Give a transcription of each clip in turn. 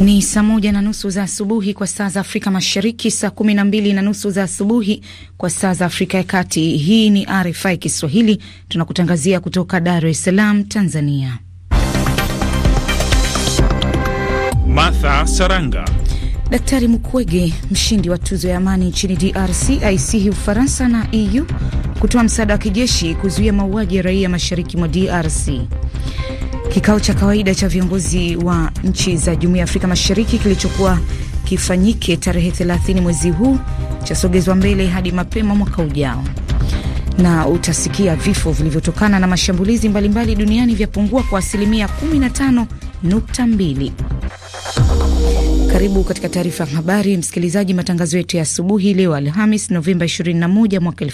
Ni saa moja na nusu za asubuhi kwa saa za Afrika Mashariki, saa kumi na mbili na nusu za asubuhi kwa saa za Afrika ya Kati. Hii ni RFI Kiswahili, tunakutangazia kutoka Dar es Salaam, Tanzania. Martha Saranga. Daktari Mukwege, mshindi wa tuzo ya amani nchini DRC, aisihi Ufaransa na EU kutoa msaada wa kijeshi kuzuia mauaji ya raia mashariki mwa DRC. Kikao cha kawaida cha viongozi wa nchi za Jumuiya ya Afrika Mashariki kilichokuwa kifanyike tarehe 30 mwezi huu chasogezwa mbele hadi mapema mwaka ujao, na utasikia vifo vilivyotokana na mashambulizi mbalimbali mbali duniani vyapungua kwa asilimia 15.2. Karibu katika taarifa ya habari msikilizaji, matangazo yetu ya asubuhi leo Alhamis Novemba 21 mwaka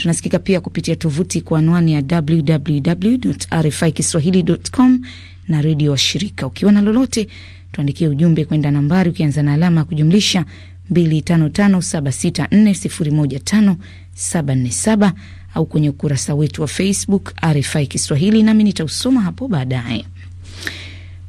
Tunasikika pia kupitia tovuti kwa anwani ya www.rfikiswahili.com na redio washirika. Ukiwa na lolote, tuandikie ujumbe kwenda nambari ukianza na alama ya kujumlisha 255764015747 au kwenye ukurasa wetu wa Facebook RFI Kiswahili, nami nitausoma hapo baadaye.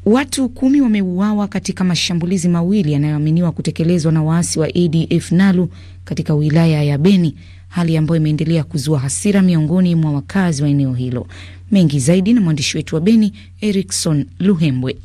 Watu kumi wameuawa katika mashambulizi mawili yanayoaminiwa kutekelezwa na waasi wa ADF NALU katika wilaya ya Beni hali ambayo imeendelea kuzua hasira miongoni mwa wakazi wa eneo hilo. Mengi zaidi na mwandishi wetu wa Beni, Erikson Luhembwe.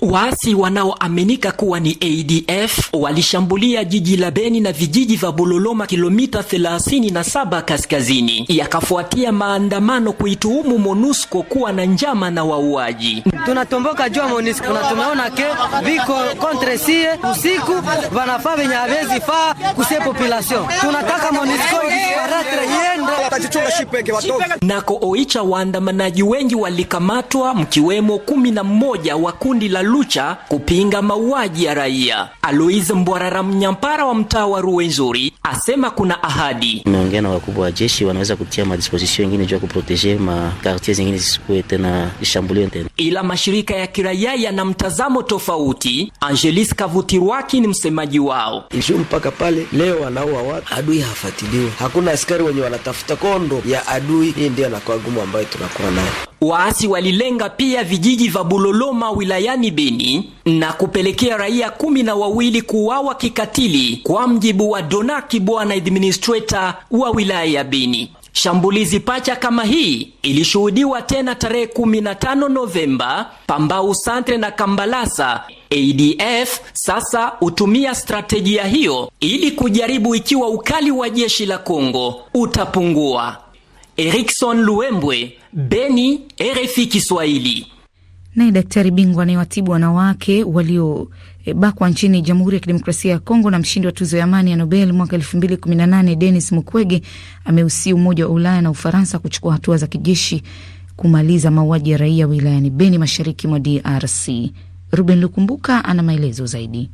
Waasi wanaoaminika kuwa ni ADF walishambulia jiji la Beni na vijiji vya Bololoma, kilomita 37 kaskazini, yakafuatia maandamano kuituhumu MONUSCO kuwa na njama na wauaji. Tunatomboka jua MONUSCO na tumeona ke viko kontre sie usiku vanafaa venye avezi faa kuse population. Tunataka MONUSCO disparatre yende nako. Oicha, waandamanaji wengi walikamatwa mkiwemo kumi na mmoja wa kundi la Lucha kupinga mauaji ya raia. Aloise Mbwarara Mnyampara wa mtaa wa Ruwenzori asema kuna ahadi. Nimeongea na wakubwa wa jeshi, wanaweza kutia madisposition yengine juu ya kuproteje makartier zingine zisikuwe tena shambulio tena, ila mashirika ya kiraia yana mtazamo tofauti. Angelis Kavutirwaki ni msemaji wao. Ishu mpaka pale leo wanaua watu, adui hafatiliwe, hakuna askari wenye wanatafuta kondo ya adui. Hii ndio anakuwa gumu ambayo tunakuwa nayo. Waasi walilenga pia vijiji vya Buloloma wilayani Magharbini na kupelekea raia kumi na wawili kuuawa kikatili, kwa mjibu wa Donaki Bwana administrator wa wilaya ya Bini. Shambulizi pacha kama hii ilishuhudiwa tena tarehe 15 Novemba Pambau Santre na Kambalasa. ADF sasa hutumia strategia hiyo ili kujaribu ikiwa ukali wa jeshi la Kongo utapungua. Erikson Luembwe, Beni, RFI Kiswahili. Naye daktari bingwa anayewatibu wanawake waliobakwa nchini Jamhuri ya Kidemokrasia ya Kongo na mshindi wa tuzo ya amani ya Nobel mwaka elfu mbili kumi na nane Denis Mukwege ameusia Umoja wa Ulaya na Ufaransa kuchukua hatua za kijeshi kumaliza mauaji ya raia wilayani Beni, mashariki mwa DRC. Ruben Lukumbuka ana maelezo zaidi.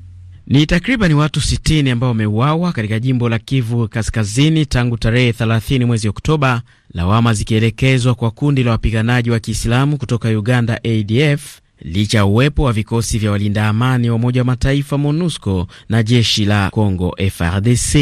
Ni takriban watu 60 ambao wameuawa katika jimbo la Kivu Kaskazini tangu tarehe 30 mwezi Oktoba, lawama zikielekezwa kwa kundi la wapiganaji wa Kiislamu kutoka Uganda, ADF, licha ya uwepo wa vikosi vya walinda amani wa Umoja wa Mataifa, MONUSCO, na jeshi la Congo, frdc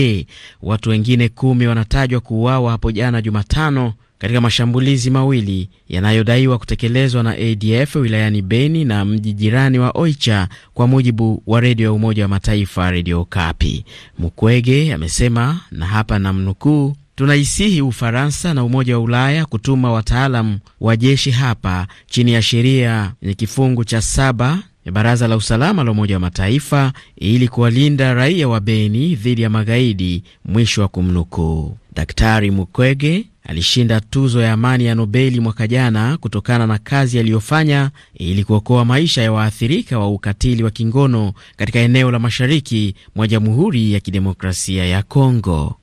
Watu wengine kumi wanatajwa kuuawa hapo jana Jumatano katika mashambulizi mawili yanayodaiwa kutekelezwa na ADF wilayani Beni na mji jirani wa Oicha, kwa mujibu wa redio ya Umoja wa Mataifa Redio Kapi. Mukwege amesema na hapa namnukuu: Tunaisihi Ufaransa na Umoja wa Ulaya kutuma wataalam wa jeshi hapa chini ya sheria yenye kifungu cha saba ya Baraza la Usalama la Umoja wa Mataifa ili kuwalinda raia wa Beni dhidi ya magaidi. Mwisho wa kumnukuu. Daktari Mukwege alishinda tuzo ya amani ya Nobeli mwaka jana kutokana na kazi aliyofanya ili kuokoa maisha ya waathirika wa ukatili wa kingono katika eneo la mashariki mwa Jamhuri ya Kidemokrasia ya Kongo.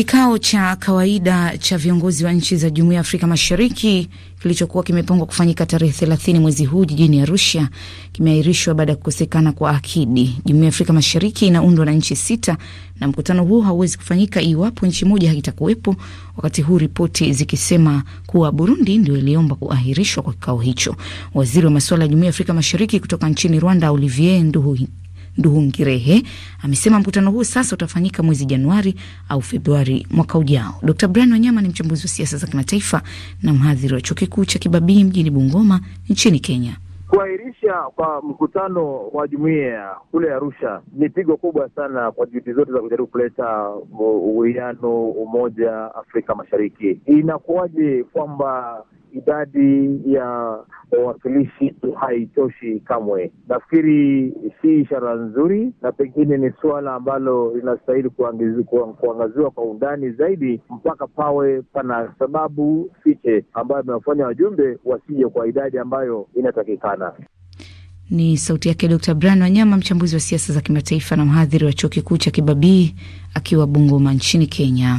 Kikao cha kawaida cha viongozi wa nchi za Jumuiya ya Afrika Mashariki kilichokuwa kimepangwa kufanyika tarehe thelathini mwezi huu jijini Arusha kimeahirishwa baada ya kukosekana kwa akidi. Jumuiya ya Afrika Mashariki inaundwa na nchi sita na mkutano huo hauwezi kufanyika iwapo nchi moja haitakuwepo, wakati huu ripoti zikisema kuwa Burundi ndio iliomba kuahirishwa kwa kikao hicho. Waziri wa masuala ya Jumuiya ya Afrika Mashariki kutoka nchini Rwanda, Olivier Nduhui Nduhungirehe amesema mkutano huu sasa utafanyika mwezi Januari au Februari mwaka ujao. Dr Brian Wanyama ni mchambuzi wa siasa za kimataifa na mhadhiri wa chuo kikuu cha Kibabii mjini Bungoma nchini Kenya. Kuahirisha kwa mkutano wa jumuiya kule Arusha ni pigo kubwa sana kwa juhudi zote za kujaribu kuleta uwiano, umoja Afrika Mashariki. Inakuwaje kwamba idadi ya wawakilishi haitoshi kamwe. Nafikiri si ishara nzuri, na pengine ni suala ambalo linastahili kuangaziwa kwa undani zaidi, mpaka pawe pana sababu fiche ambayo amewafanya wajumbe wasije kwa idadi ambayo inatakikana. Ni sauti yake Dr Brian Wanyama, mchambuzi wa siasa za kimataifa na mhadhiri wa chuo kikuu cha Kibabii akiwa Bungoma nchini Kenya.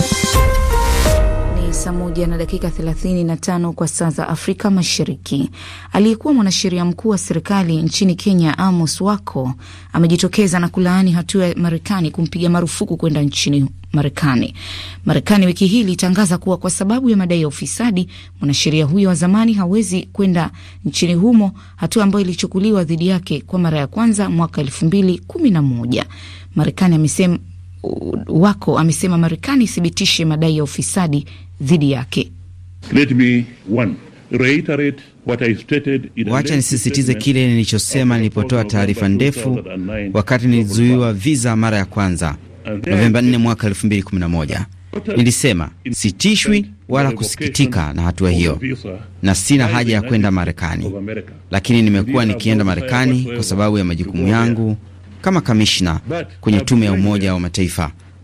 saa moja na dakika 35 kwa saa za Afrika Mashariki. Aliyekuwa mwanasheria mkuu wa serikali nchini Kenya, Amos Wako, amejitokeza na kulaani hatua ya Marekani kumpiga marufuku kwenda nchini Marekani. Marekani wiki hii ilitangaza kuwa kwa sababu ya madai ya ufisadi, mwanasheria huyo wa zamani hawezi kwenda nchini humo, hatua ambayo ilichukuliwa dhidi yake kwa mara ya kwanza mwaka 2011. Marekani amesema Wako amesema Marekani ithibitishe madai ya ufisadi dhidi yake. Let me one. Wacha nisisitize kile nilichosema nilipotoa taarifa ndefu wakati nilizuiwa viza mara ya kwanza Novemba 4 mwaka 2011. Nilisema sitishwi wala kusikitika na hatua hiyo, na sina haja ya kwenda Marekani, lakini nimekuwa nikienda Marekani kwa sababu ya majukumu yangu kama kamishna kwenye tume ya Umoja wa Mataifa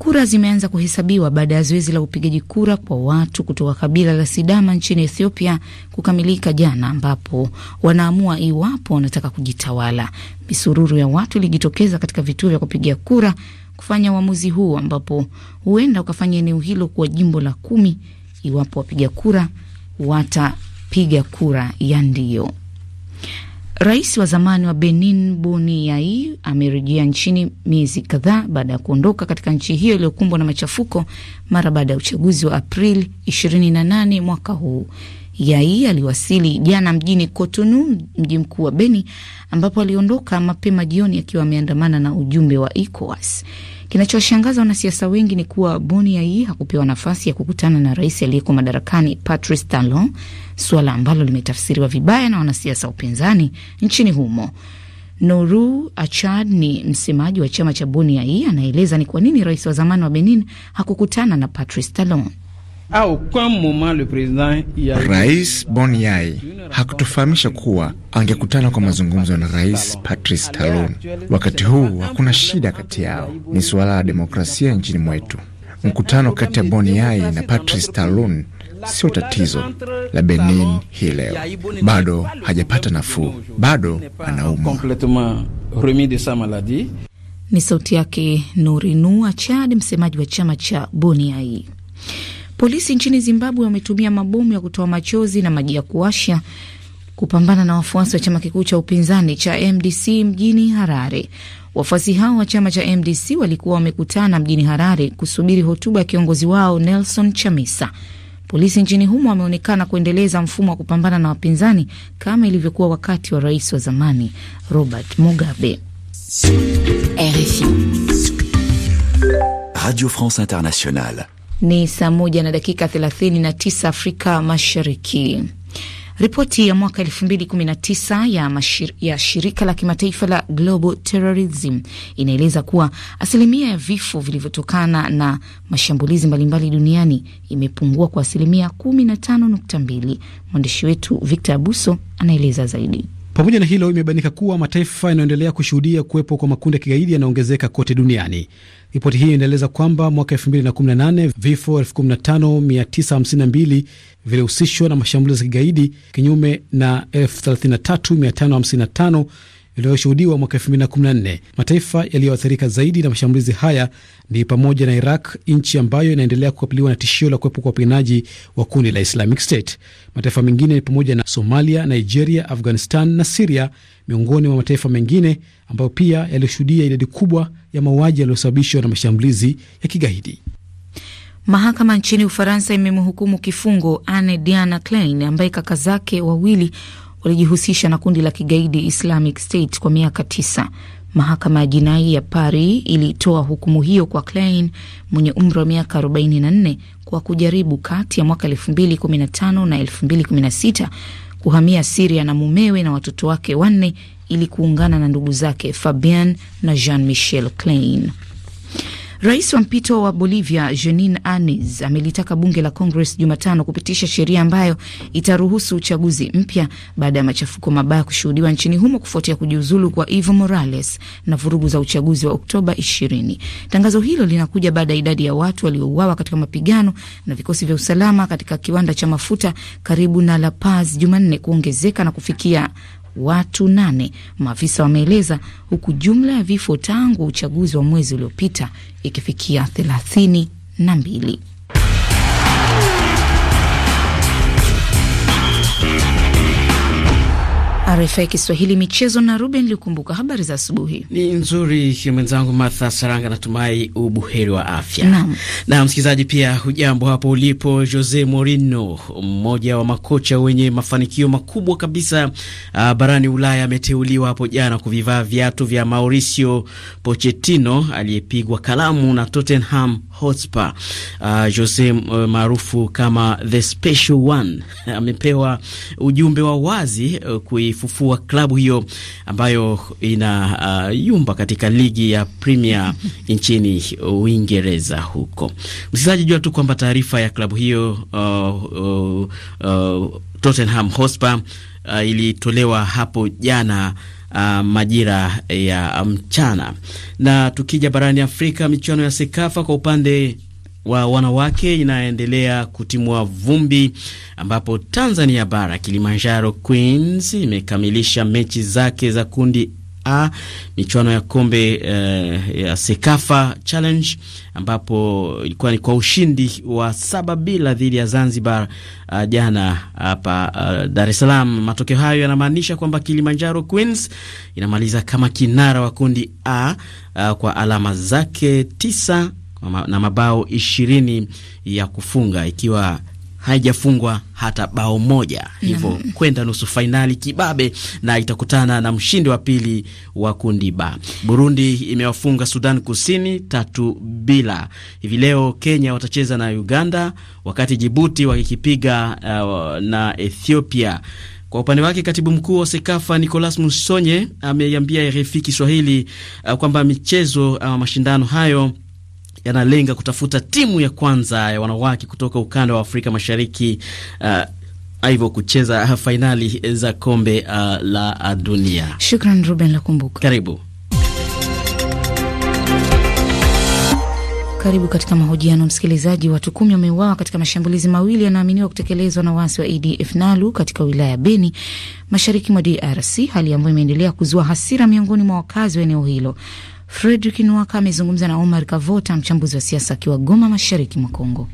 Kura zimeanza kuhesabiwa baada ya zoezi la upigaji kura kwa watu kutoka kabila la Sidama nchini Ethiopia kukamilika jana, ambapo wanaamua iwapo wanataka kujitawala. Misururu ya watu ilijitokeza katika vituo vya kupigia kura kufanya uamuzi huu, ambapo huenda ukafanya eneo hilo kuwa jimbo la kumi iwapo wapiga kura watapiga kura ya ndio. Rais wa zamani wa Benin Boni Yai amerejea nchini miezi kadhaa baada ya kuondoka katika nchi hiyo iliyokumbwa na machafuko mara baada ya uchaguzi wa Aprili 28 mwaka huu. Yai aliwasili jana mjini Cotonou, mji mkuu wa Beni, ambapo aliondoka mapema jioni akiwa ameandamana na ujumbe wa ECOWAS. Kinachoshangaza wanasiasa wengi ni kuwa Boni Yai hakupewa nafasi ya kukutana na rais aliyeko madarakani Patrice Talon suala ambalo limetafsiriwa vibaya na wanasiasa wa upinzani nchini humo. Noru Achad ni msemaji wa chama cha Boniai, anaeleza ni kwa nini rais wa zamani wa Benin hakukutana na Patrice Talon. Rais Boniai hakutufahamisha kuwa angekutana kwa mazungumzo na rais Patrice Talon. Wakati huu hakuna shida kati yao, ni suala la demokrasia nchini mwetu. Mkutano kati ya bonyai na Patrice Talon sio tatizo la Benin hii leo, bado hajapata nafuu, bado anaumwa. Ni sauti yake Nurinua Chad, msemaji wa chama cha Boniai. Polisi nchini Zimbabwe wametumia mabomu ya kutoa machozi na maji ya kuwasha kupambana na wafuasi wa chama kikuu cha upinzani cha MDC mjini Harare. Wafuasi hao wa chama cha MDC walikuwa wamekutana mjini Harare kusubiri hotuba ya kiongozi wao Nelson Chamisa. Polisi nchini humo wameonekana kuendeleza mfumo wa kupambana na wapinzani kama ilivyokuwa wakati wa rais wa zamani Robert Mugabe. RFI Radio France Internationale. Ni saa moja na dakika 39 Afrika Mashariki. Ripoti ya mwaka 2019 ya, mashir, ya shirika la kimataifa la Global Terrorism inaeleza kuwa asilimia ya vifo vilivyotokana na mashambulizi mbalimbali duniani imepungua kwa asilimia 15.2. Mwandishi wetu Victor Abuso anaeleza zaidi. Pamoja na hilo, imebainika kuwa mataifa yanayoendelea kushuhudia kuwepo kwa makundi ya kigaidi yanaongezeka kote duniani. Ripoti hii inaeleza kwamba mwaka 2018 vifo 15952 vilihusishwa na mashambulizi ya kigaidi kinyume na 33555 lililoshuhudiwa mwaka 2014. Mataifa yaliyoathirika zaidi na mashambulizi haya ni pamoja na Iraq, nchi ambayo inaendelea kukabiliwa na tishio la kuwepo kwa wapiganaji wa kundi la Islamic State. Mataifa mengine ni pamoja na Somalia, Nigeria, Afghanistan na Siria, miongoni mwa mataifa mengine ambayo pia yaliyoshuhudia idadi kubwa ya mauaji yaliyosababishwa na mashambulizi ya kigaidi. Mahakama nchini Ufaransa imemhukumu kifungo Anne Diana Klein ambaye kaka zake wawili walijihusisha na kundi la kigaidi Islamic State kwa miaka tisa. Mahakama ya jinai ya Paris ilitoa hukumu hiyo kwa Klein mwenye umri wa miaka 44 kwa kujaribu kati ya mwaka 2015 na 2016 kuhamia Siria na mumewe na watoto wake wanne ili kuungana na ndugu zake Fabian na Jean Michel Klein. Rais wa mpito wa Bolivia Jeanine Anez amelitaka bunge la Congress Jumatano kupitisha sheria ambayo itaruhusu uchaguzi mpya baada ya machafuko mabaya kushuhudiwa nchini humo kufuatia kujiuzulu kwa Evo Morales na vurugu za uchaguzi wa Oktoba 20. Tangazo hilo linakuja baada ya idadi ya watu waliouawa katika mapigano na vikosi vya usalama katika kiwanda cha mafuta karibu na La Paz Jumanne kuongezeka na kufikia watu nane, maafisa wameeleza, huku jumla ya vifo tangu uchaguzi wa mwezi uliopita ikifikia thelathini na mbili. RFI Kiswahili michezo na Ruben Likumbuka. Habari za asubuhi ni nzuri mwenzangu Martha Saranga, natumai ubuheri wa afya na, na msikilizaji pia hujambo hapo ulipo. Jose Mourinho, mmoja wa makocha wenye mafanikio makubwa kabisa uh, barani Ulaya, ameteuliwa hapo jana kuvivaa viatu vya Mauricio Pochettino aliyepigwa kalamu na Tottenham Hotspur. Uh, Jose uh, maarufu kama the special one amepewa ujumbe wa wazi uh, kuifufua klabu hiyo ambayo ina uh, yumba katika ligi ya Premier nchini Uingereza huko. Msikilizaji, jua tu kwamba taarifa ya klabu hiyo uh, uh, uh, Tottenham Hotspur uh, ilitolewa hapo jana Uh, majira ya mchana. Na tukija barani Afrika, michuano ya Sekafa kwa upande wa wanawake inaendelea kutimua vumbi ambapo Tanzania bara Kilimanjaro Queens imekamilisha mechi zake za kundi A michuano ya kombe uh, ya Sekafa Challenge ambapo ilikuwa ni kwa ushindi wa saba bila dhidi ya Zanzibar uh, jana hapa uh, Dar es Salaam. Matokeo hayo yanamaanisha kwamba Kilimanjaro Queens inamaliza kama kinara wa kundi A uh, kwa alama zake tisa na mabao ishirini ya kufunga ikiwa haijafungwa hata bao moja, hivyo mm-hmm. kwenda nusu fainali kibabe, na itakutana na mshindi wa pili wa kundi ba. Burundi imewafunga Sudan Kusini tatu bila. Hivi leo Kenya watacheza na Uganda, wakati Jibuti wakikipiga uh, na Ethiopia. Kwa upande wake katibu mkuu wa SEKAFA Nicolas Musonye ameiambia RFI Kiswahili uh, kwamba michezo uh, mashindano hayo yanalenga kutafuta timu ya kwanza ya wanawake kutoka ukanda wa Afrika Mashariki uh, hivyo kucheza fainali za kombe uh, la dunia. Shukran Ruben Lakumbuka, karibu Karibu katika mahojiano msikilizaji. Watu kumi wameuawa katika mashambulizi mawili yanaaminiwa kutekelezwa na waasi wa ADF NALU katika wilaya ya Beni, mashariki mwa DRC, hali ambayo imeendelea kuzua hasira miongoni mwa wakazi wa eneo hilo. Fredrik Nwaka amezungumza na Omar Kavota, mchambuzi wa siasa akiwa Goma, mashariki mwa Kongo.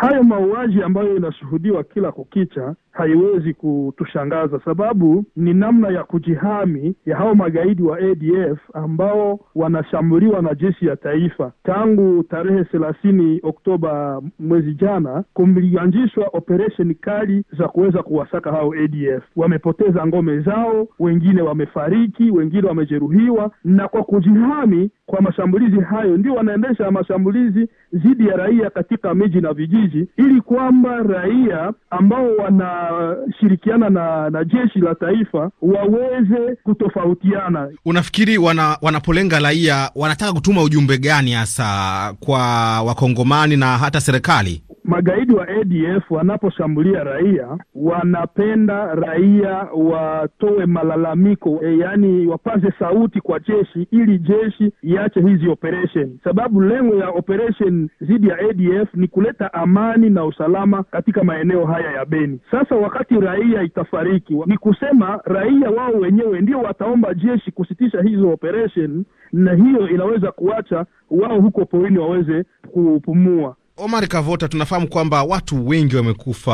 Hayo mauaji ambayo inashuhudiwa kila kukicha haiwezi kutushangaza, sababu ni namna ya kujihami ya hao magaidi wa ADF ambao wanashambuliwa na jeshi ya taifa tangu tarehe thelathini Oktoba mwezi jana, kumeanzishwa operesheni kali za kuweza kuwasaka hao ADF. Wamepoteza ngome zao, wengine wamefariki, wengine wamejeruhiwa, na kwa kujihami kwa mashambulizi hayo ndio wanaendesha mashambulizi dhidi ya raia katika miji na vijiji, ili kwamba raia ambao wana wanashirikiana na, na jeshi la taifa waweze kutofautiana. Unafikiri wana, wanapolenga raia wanataka kutuma ujumbe gani hasa kwa wakongomani na hata serikali? Magaidi wa ADF wanaposhambulia raia, wanapenda raia watoe malalamiko e, yaani wapaze sauti kwa jeshi ili jeshi iache hizi operation, sababu lengo ya operation dhidi ya ADF ni kuleta amani na usalama katika maeneo haya ya Beni. Sasa wakati raia itafariki, ni kusema raia wao wenyewe ndio wataomba jeshi kusitisha hizo operation, na hiyo inaweza kuacha wao huko porini waweze kupumua. Omar Kavota, tunafahamu kwamba watu wengi wamekufa.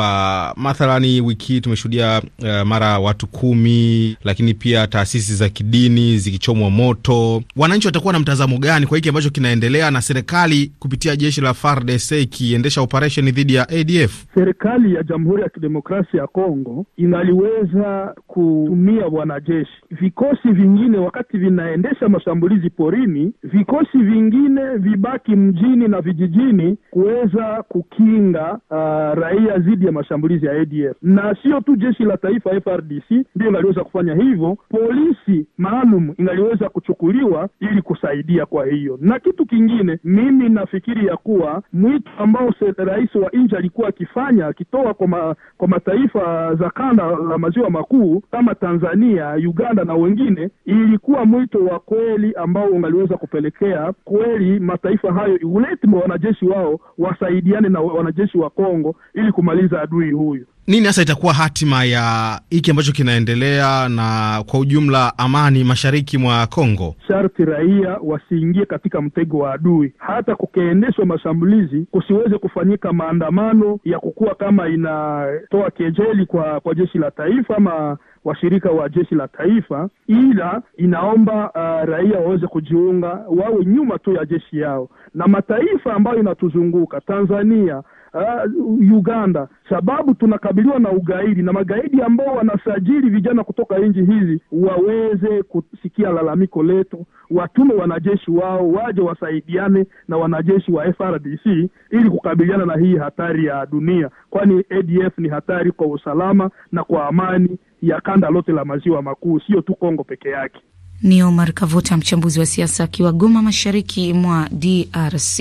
Mathalani wiki hii tumeshuhudia uh, mara watu kumi, lakini pia taasisi za kidini zikichomwa moto. Wananchi watakuwa na mtazamo gani kwa hiki ambacho kinaendelea, na serikali kupitia jeshi la FARDC ikiendesha operesheni dhidi ya ADF? Serikali ya Jamhuri ya Kidemokrasia ya Kongo inaliweza kutumia wanajeshi, vikosi vingine wakati vinaendesha mashambulizi porini, vikosi vingine vibaki mjini na vijijini kue kuweza kukinga uh, raia dhidi ya mashambulizi ya ADF, na sio tu jeshi la taifa FRDC ndio ingaliweza kufanya hivyo, polisi maalum ingaliweza kuchukuliwa ili kusaidia. Kwa hiyo na kitu kingine, mimi nafikiri ya kuwa mwito ambao rais wa nchi alikuwa akifanya akitoa kwa, ma, kwa mataifa za kanda la maziwa makuu kama Tanzania, Uganda na wengine, ilikuwa mwito wa kweli ambao ungaliweza kupelekea kweli mataifa hayo ulete wanajeshi wao wa wasaidiane na wanajeshi wa Kongo ili kumaliza adui huyu. Nini hasa itakuwa hatima ya hiki ambacho kinaendelea na kwa ujumla amani mashariki mwa Kongo? Sharti raia wasiingie katika mtego wa adui, hata kukiendeshwa mashambulizi kusiweze kufanyika maandamano ya kukua kama inatoa kejeli kwa, kwa jeshi la taifa ama washirika wa jeshi la taifa, ila inaomba uh, raia waweze kujiunga, wawe nyuma tu ya jeshi yao na mataifa ambayo inatuzunguka Tanzania uh, Uganda, sababu tunakabiliwa na ugaidi na magaidi ambao wanasajili vijana kutoka nchi hizi waweze kusikia lalamiko letu, watume wanajeshi wao waje wasaidiane na wanajeshi wa FRDC ili kukabiliana na hii hatari ya dunia, kwani ADF ni hatari kwa usalama na kwa amani ya kanda lote la maziwa makuu, sio tu Kongo peke yake. Ni Omar Kavuta, mchambuzi wa siasa akiwa Goma, mashariki mwa DRC.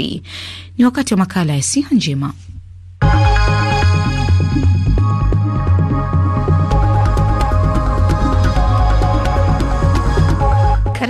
Ni wakati wa makala ya siha njema.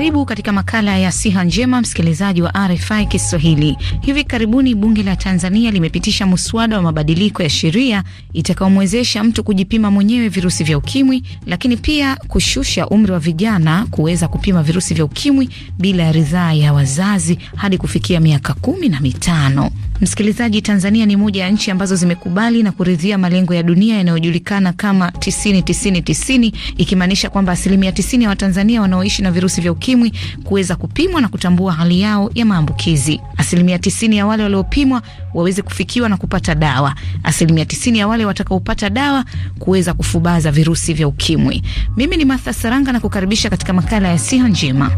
Karibu katika makala ya siha njema, msikilizaji wa RFI Kiswahili. Hivi karibuni bunge la Tanzania limepitisha muswada wa mabadiliko ya sheria itakayomwezesha mtu kujipima mwenyewe virusi vya ukimwi, lakini pia kushusha umri wa vijana kuweza kupima virusi vya ukimwi bila ya ridhaa ya wazazi hadi kufikia miaka kumi na mitano. Msikilizaji, Tanzania ni moja ya nchi ambazo zimekubali na kuridhia malengo ya dunia yanayojulikana kama 90 90 90, ikimaanisha kwamba asilimia 90 ya Watanzania wanaoishi na virusi vya ukimwi ukimwi kuweza kupimwa na kutambua hali yao ya maambukizi. Asilimia tisini ya wale waliopimwa waweze kufikiwa na kupata dawa, asilimia tisini ya wale watakaopata dawa kuweza kufubaza virusi vya ukimwi. Mimi ni Martha Saranga na kukaribisha katika makala ya siha njema.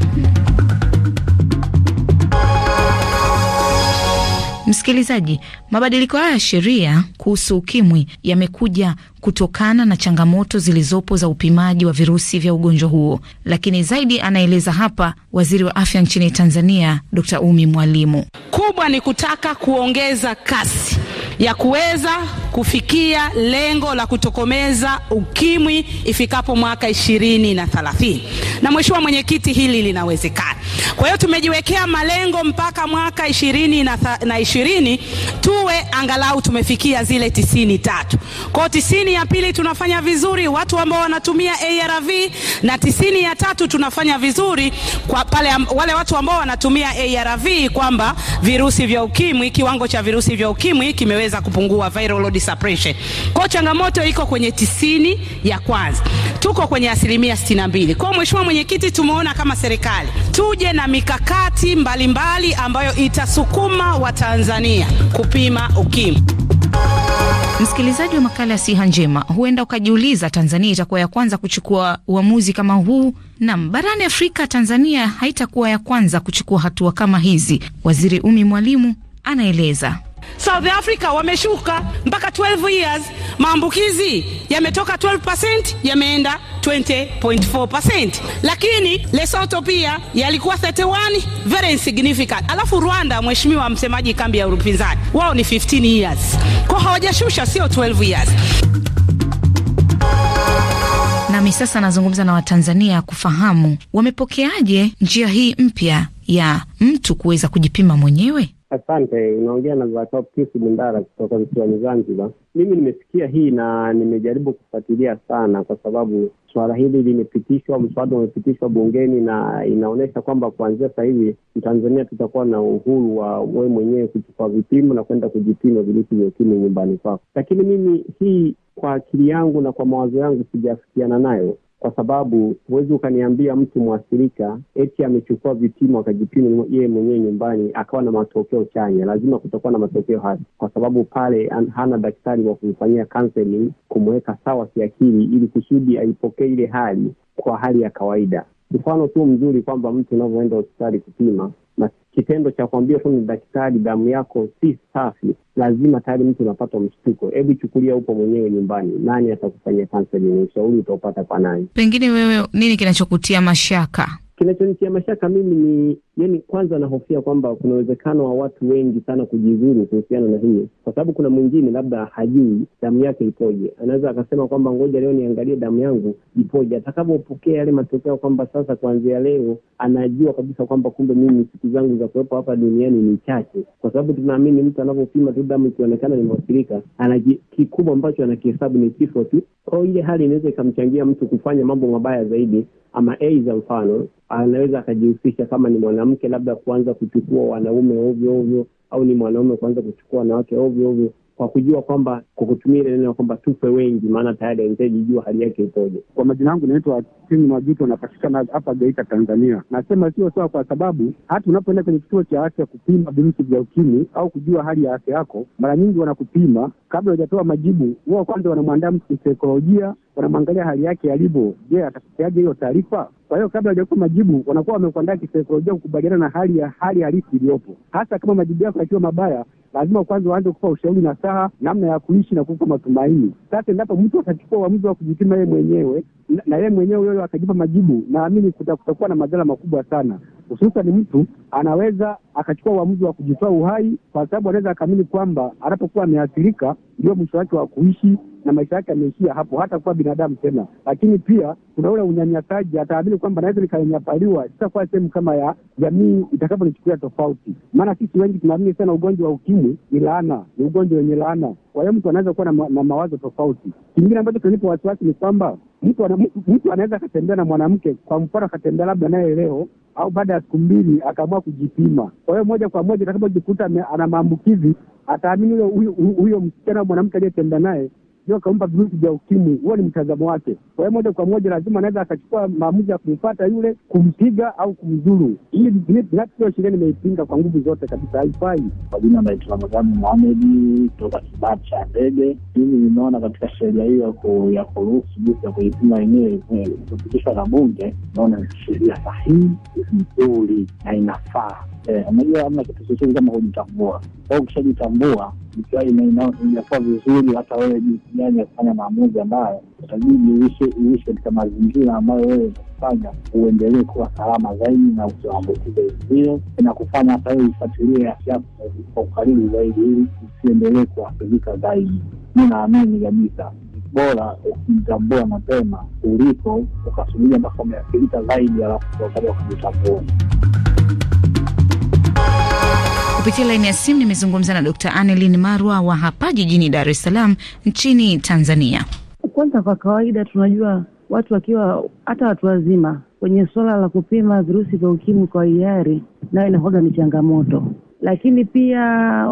Msikilizaji, mabadiliko haya ya sheria kuhusu ukimwi yamekuja kutokana na changamoto zilizopo za upimaji wa virusi vya ugonjwa huo, lakini zaidi anaeleza hapa waziri wa afya nchini Tanzania, d Umi Mwalimu. Kubwa ni kutaka kuongeza kasi ya kuweza kufikia lengo la kutokomeza ukimwi ifikapo mwaka ishirini na thelathini. Na mheshimiwa mwenyekiti, hili linawezekana. Kwa hiyo tumejiwekea malengo mpaka mwaka ishirini na ishirini tisini tuwe angalau tumefikia zile tisini tatu. Kwa tisini ya pili tunafanya vizuri watu ambao wanatumia ARV, na tisini ya tatu tunafanya vizuri kwa pale wale watu ambao wanatumia ARV, kwamba virusi vya ukimwi, kiwango cha virusi vya ukimwi kimeweza kupungua, viral load suppression. Kwa changamoto iko kwenye tisini ya kwanza, tuko kwenye asilimia sitini na mbili. Kwa mheshimiwa mwenyekiti, tumeona kama serikali tuje na mikakati mbalimbali mbali ambayo itasukuma Watanzania Tanzania kupima ukimwi. Msikilizaji wa makala ya siha njema, huenda ukajiuliza Tanzania itakuwa ya kwanza kuchukua uamuzi kama huu. Nam, barani Afrika Tanzania haitakuwa ya kwanza kuchukua hatua kama hizi. Waziri Umi Mwalimu anaeleza. South Africa wameshuka mpaka 12 years, maambukizi yametoka 12% yameenda 20.4%, lakini Lesotho pia yalikuwa 31, very insignificant. Alafu Rwanda, mheshimiwa msemaji kambi ya upinzani, wao ni 15 years, kwa hawajashusha, sio 12 years. Nami sasa nazungumza na Watanzania kufahamu wamepokeaje njia hii mpya ya mtu kuweza kujipima mwenyewe. Asante. Unaongea na Vatopkisi Bundara kutoka visiwani Zanzibar. Mimi nimesikia hii na nimejaribu kufuatilia sana, kwa sababu suala hili limepitishwa, mswada umepitishwa bungeni na inaonyesha kwamba kuanzia sasa hivi mtanzania tutakuwa na uhuru wa wewe mwenyewe kuchukua vipimo na kwenda kujipima virusi vya ukimwi nyumbani kwako. Lakini mimi hii kwa akili yangu na kwa mawazo yangu sijaafikiana nayo kwa sababu huwezi ukaniambia mtu mwathirika eti amechukua vipimo akajipima yeye mwenyewe nyumbani akawa na matokeo chanya. Lazima kutakuwa na matokeo hasi, kwa sababu pale hana daktari wa kumfanyia counseling, kumweka sawa kiakili, ili kusudi aipokee ile hali kwa hali ya kawaida. Mfano tu mzuri kwamba mtu unavyoenda hospitali kupima na kitendo cha kuambia tu ni daktari, damu yako si safi, lazima tayari mtu unapata mshtuko. Hebu chukulia upo mwenyewe nyumbani, nani atakufanyia counseling? Ushauri utaupata kwa nani? Pengine wewe, nini kinachokutia mashaka? Kinachonitia mashaka mimi ni mimi kwanza nahofia kwamba kuna uwezekano wa watu wengi sana kujizuru kuhusiana na hiyo, kwa sababu kuna mwingine labda hajui damu yake ipoje. Anaweza akasema kwamba ngoja leo niangalie damu yangu ipoje. Atakavyopokea yale matokeo kwamba sasa kuanzia leo anajua kabisa kwamba kumbe mimi siku zangu za kuwepo hapa duniani ni chache, kwa sababu tunaamini mtu anavyopima tu damu ikionekana imeathirika, ana kikubwa ambacho anakihesabu ni kifo tu. Kwa hiyo ile hali inaweza ikamchangia mtu kufanya mambo mabaya zaidi, ama aidha, mfano anaweza akajihusisha kama ni mwanamke mwanamke labda kuanza kuchukua wanaume ovyo ovyo, au ni mwanaume kuanza kuchukua wanawake ovyo ovyo, kwa kujua kwamba kwa kutumia ile neno kwamba tupe wengi, maana tayari alishajijua hali yake ipoje. Kwa majina yangu naitwa Timi Majuto, napatikana hapa Geita, Tanzania. Nasema sio sawa, kwa sababu hata unapoenda kwenye kituo cha afya kupima virusi vya ukimwi au kujua hali ya afya yako, mara nyingi wanakupima kabla hujatoa majibu, huwa kwanza wanamwandaa mtu kisaikolojia, wanamwangalia hali yake yalivyo. Je, atapokeaje hiyo taarifa? Kwa hiyo kabla hajakupa majibu, wanakuwa wamekuandaa kisaikolojia kukubaliana na hali ya hali halisi iliyopo, hasa kama majibu yako yakiwa mabaya lazima kwanza waanze kupa ushauri na saha namna ya kuishi na kupa matumaini. Sasa endapo mtu atachukua uamuzi wa kujipima yeye mwenyewe na yeye mwenyewe huyo akajipa majibu, naamini kutakuwa na madhara makubwa sana, hususani mtu anaweza akachukua uamuzi wa kujitoa uhai, kwa sababu anaweza akaamini kwamba anapokuwa ameathirika ndio mwisho wake wa kuishi na maisha yake yameishia hapo, hata kuwa binadamu tena. Lakini pia kuna ule unyanyasaji, ataamini kwamba naweza nikanyanyapaliwa, sitakuwa sehemu kama ya jamii itakaponichukulia tofauti. Maana sisi wengi tunaamini sana ugonjwa wa ukimwi ni laana, ni ugonjwa wenye laana. Kwa hiyo mtu anaweza kuwa na, ma na mawazo tofauti. Kingine ambacho kinanipa wasiwasi ni kwamba mtu anaweza akatembea na mwanamke, kwa mfano akatembea labda naye leo au baada ya siku mbili akaamua kujipima. Kwa hiyo moja kwa moja itakapojikuta ana maambukizi, ataamini huyo msichana au mwanamke aliyetembea naye sio akampa virusi vya ukimwi. Huo ni mtazamo wake. Kwa hiyo moja kwa moja lazima anaweza akachukua maamuzi ya kumfata yule, kumpiga au kumzuru. Hii hiyo sheria nimeipinga kwa nguvu zote kabisa, haifai. Kwa jina naitwa Madamu Muhamedi toka kibati cha ndege. Mimi nimeona katika sheria hiyo ya kuruhusu jinsi ya kujipima wenyewe kupitishwa na Bunge, naona ni sheria sahihi nzuri na inafaa. Eh, unajua, hamna kitu kizuri kama kujitambua. Ukishajitambua ikiwa inakuwa vizuri, hata wewe mtumiaji kufanya maamuzi ambayo utabidi uishe katika mazingira ambayo wewe inakufanya uendelee kuwa salama zaidi na usiambukize. Hiyo inakufanya hata wewe ufuatilie afya yako kwa ukaribu zaidi, ili usiendelee kuathirika zaidi. Mi naamini kabisa bora ukimtambua mapema kuliko ukasubiria mpaka umeathirika zaidi, alafu wakati wakajitambua Kupitia laini ya simu nimezungumza na Dkt. anelin Marwa wa hapa jijini Dar es Salaam nchini Tanzania. Kwanza, kwa kawaida tunajua watu wakiwa hata watu wazima kwenye suala la kupima virusi vya ukimwi kwa hiari, nayo inakuwaga ni changamoto, lakini pia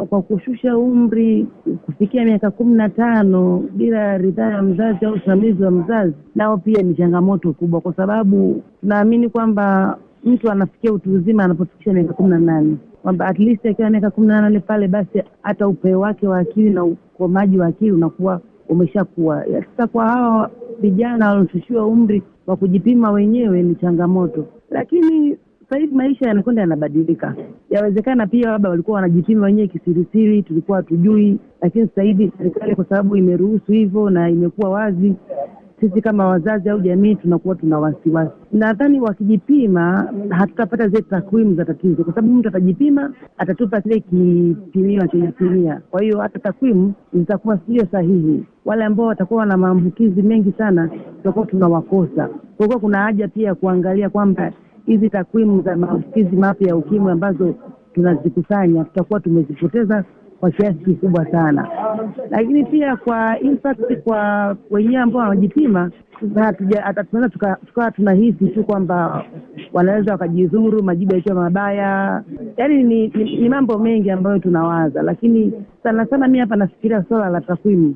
kwa kushusha umri kufikia miaka kumi na tano bila ridhaa ya mzazi au usimamizi wa mzazi, nao pia ni changamoto kubwa, kwa sababu tunaamini kwamba mtu anafikia utu uzima anapofikisha miaka kumi na nane kwamba at least akiwa miaka kumi na nane pale, basi hata upeo wake wa akili na ukomaji wa akili unakuwa umeshakuwa. Sasa kwa hawa vijana walioshushiwa umri wa kujipima wenyewe ni changamoto, lakini sasa hivi maisha yanakwenda yanabadilika. Yawezekana pia labda walikuwa wanajipima wenyewe kisirisiri, tulikuwa hatujui, lakini sasa hivi serikali kwa sababu imeruhusu hivyo na imekuwa wazi, sisi kama wazazi au jamii tunakuwa tuna wasiwasi. Nadhani wakijipima, hatutapata zile takwimu za tatizo, kwa sababu mtu atajipima, atatupa kile kipimio anachojipimia. Kwa hiyo hata takwimu zitakuwa sio sahihi. Wale ambao watakuwa wana maambukizi mengi sana, tutakuwa tunawakosa. Kwa hiyo kuna haja pia ya kuangalia kwamba hizi takwimu za maambukizi mapya ya ukimwi ambazo tunazikusanya tutakuwa tumezipoteza kwa kiasi kikubwa sana, lakini pia kwa impact kwa wenyewe ambao wanajipima tunaweza tukawa tunahisi tu kwamba wanaweza wakajizuru majibu yakiwa mabaya. yani ni, ni, ni mambo mengi ambayo tunawaza, lakini sana sana mi hapa nafikiria swala la takwimu.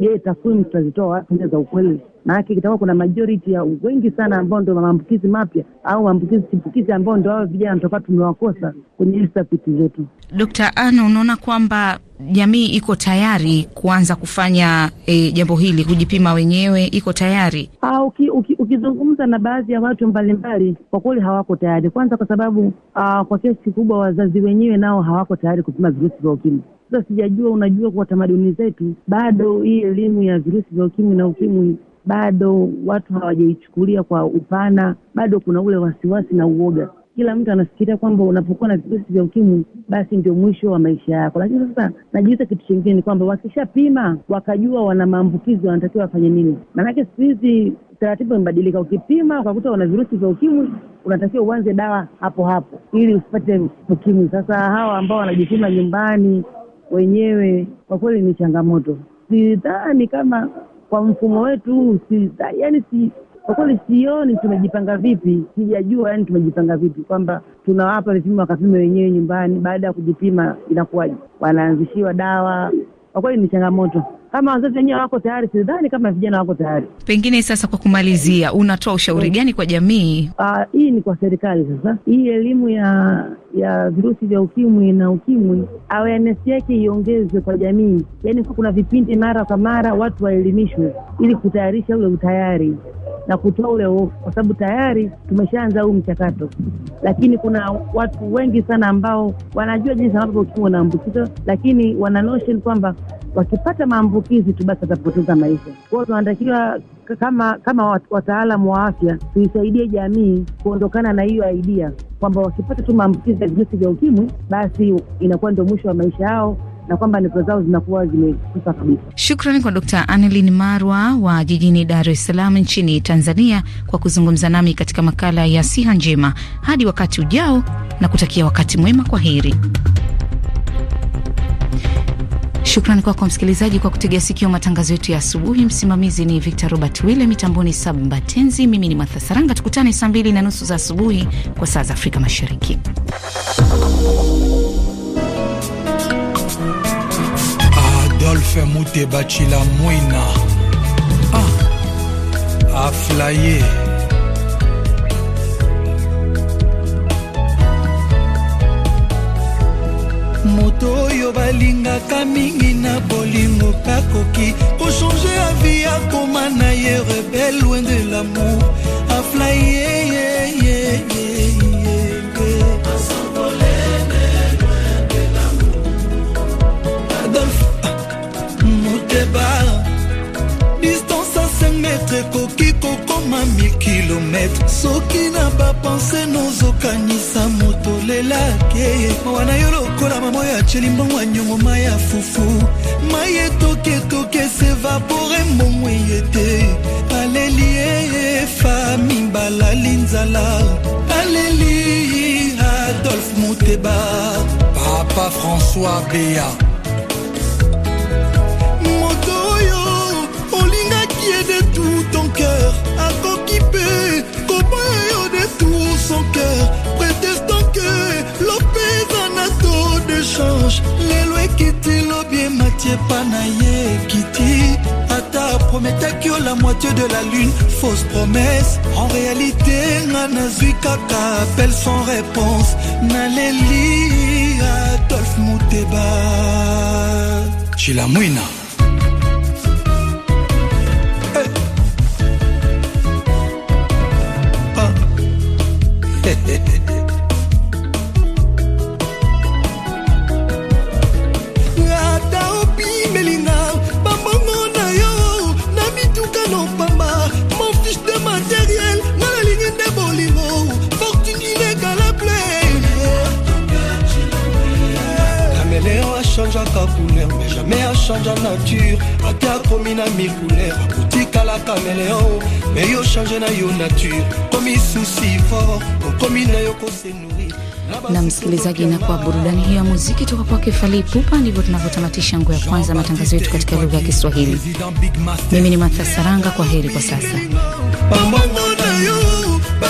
Je, takwimu tutazitoa wapi za ukweli? maanake kitakuwa kuna majority ya wengi sana ambao ndio maambukizi mapya au maambukizi chipukizi ambao ndio hao vijana tutakuwa tumewakosa kwenye hizi tafiti zetu. Dkt. Anna, unaona kwamba jamii iko tayari kuanza kufanya e, jambo hili kujipima wenyewe, iko tayari? Aa, ah, uki, uki, ukizungumza na baadhi ya watu mbalimbali, kwa kweli hawako tayari. Kwanza kwa sababu aa, ah, kwa kiasi kikubwa wazazi wenyewe nao hawako tayari kupima virusi vya ukimwi. Sasa sijajua, unajua, kwa tamaduni zetu bado hii elimu ya virusi vya ukimwi na ukimwi bado watu hawajaichukulia kwa upana, bado kuna ule wasiwasi na uoga. Kila mtu anafikiria kwamba unapokuwa na virusi vya ukimwi basi ndio mwisho wa maisha yako, lakini sasa najiuliza kitu chingine ni kwamba wakishapima wakajua wana maambukizi, wanatakiwa wafanye nini? Maanake siku hizi taratibu imebadilika. Ukipima ukakuta una virusi vya ukimwi, unatakiwa uanze dawa hapo hapo ili usipate ukimwi. Sasa hawa ambao wanajipima nyumbani wenyewe, kwa kweli ni changamoto. Sidhani kama kwa mfumo wetu si, yani si kwa kweli sioni tumejipanga vipi, sijajua yani tumejipanga vipi kwamba tunawapa vipimo wakapime wenyewe nyumbani, baada ya kujipima inakuwaje, wanaanzishiwa dawa. Kwa kweli ni changamoto. Kama wazazi wenyewe wako tayari, sidhani kama vijana wako tayari. Pengine sasa, kwa kumalizia, unatoa ushauri gani kwa jamii? Aa, ah, hii ni kwa serikali sasa, hii elimu ya ya virusi vya ukimwi na ukimwi, awareness yake iongezwe kwa jamii. Yaani kuna vipindi mara kwa mara watu waelimishwe, ili kutayarisha ule utayari na kutoa ule hofu, kwa sababu tayari tumeshaanza huu mchakato, lakini kuna watu wengi sana ambao wanajua jinsi ambavyo ukimwi unaambukizwa, lakini wana notion kwamba wakipata maambukizi maambukizi tu basi atapoteza maisha kwao. Tunatakiwa kama kama wataalamu wa afya tuisaidie jamii kuondokana na hiyo aidia kwamba wakipata tu maambukizi ya virusi vya ukimwi basi inakuwa ndio mwisho wa maisha yao na kwamba ndoto zao zinakuwa zimekufa kabisa. Shukrani kwa Dkt. Annelin Marwa wa jijini Dar es Salaam nchini Tanzania kwa kuzungumza nami katika makala ya Siha Njema. Hadi wakati ujao, na kutakia wakati mwema. Kwa heri. Shukrani kwako msikilizaji kwa kutegea sikio matangazo yetu ya asubuhi. Msimamizi ni Victor Robert Wille, mitamboni Sabbatenzi, mimi ni Martha Saranga. Tukutane saa mbili na nusu za asubuhi kwa saa za Afrika Mashariki. Adolfe Mute Bachila Mwina ah, aflaye moto oyo balingaka mingi na bolingo kakoki kochange avi akoma na ye rebel loin de lamour aflaye adolf ah, moteba distance a 5 metre ekoki kokoma mil kilometre soki na bapense nozokanisa moto lelake mawana yo lokola mamo ya aceli mbongo ya nyongo mai ya fufu mai etoketoke sevapore mbongo eye te aleli fami mimbalali nzala aleli adolphe moteba papa françois bea son cœur, proteste que l'opéra n'a de change. lo ekiti bien matie panaye à Ata promette que la moitié de la lune, fausse promesse. En réalité, son réponse kaka appelle sans réponse. Naleli Adolphe Mouteba. mouina change ta couleur mais jamais à change achangea nature ta à ate akomi boutique à la caméléon mais yo change na yo nature comme il souci fort okomi oh, na yo se kosenourir na msikilizaji, na kwa burudani hiyo ya muziki toka kwake Fally Ipupa, ndivyo tunavyotamatisha nguo ya kwanza ya matangazo yetu katika lugha ya Kiswahili. Mimi ni Martha Saranga, kwa heri kwa sasa.